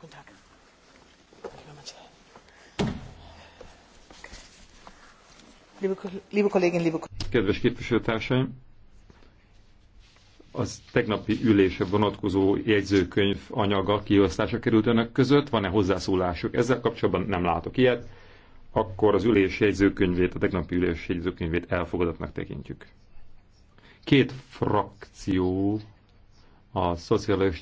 Guten Tag. Kedves képviselőtársaim! Az tegnapi ülése vonatkozó jegyzőkönyv anyaga kihasználása került önök között. Van-e hozzászólásuk? Ezzel kapcsolatban nem látok ilyet. Akkor az ülés jegyzőkönyvét, a tegnapi ülés jegyzőkönyvét elfogadatnak tekintjük. Két frakció, a szocialista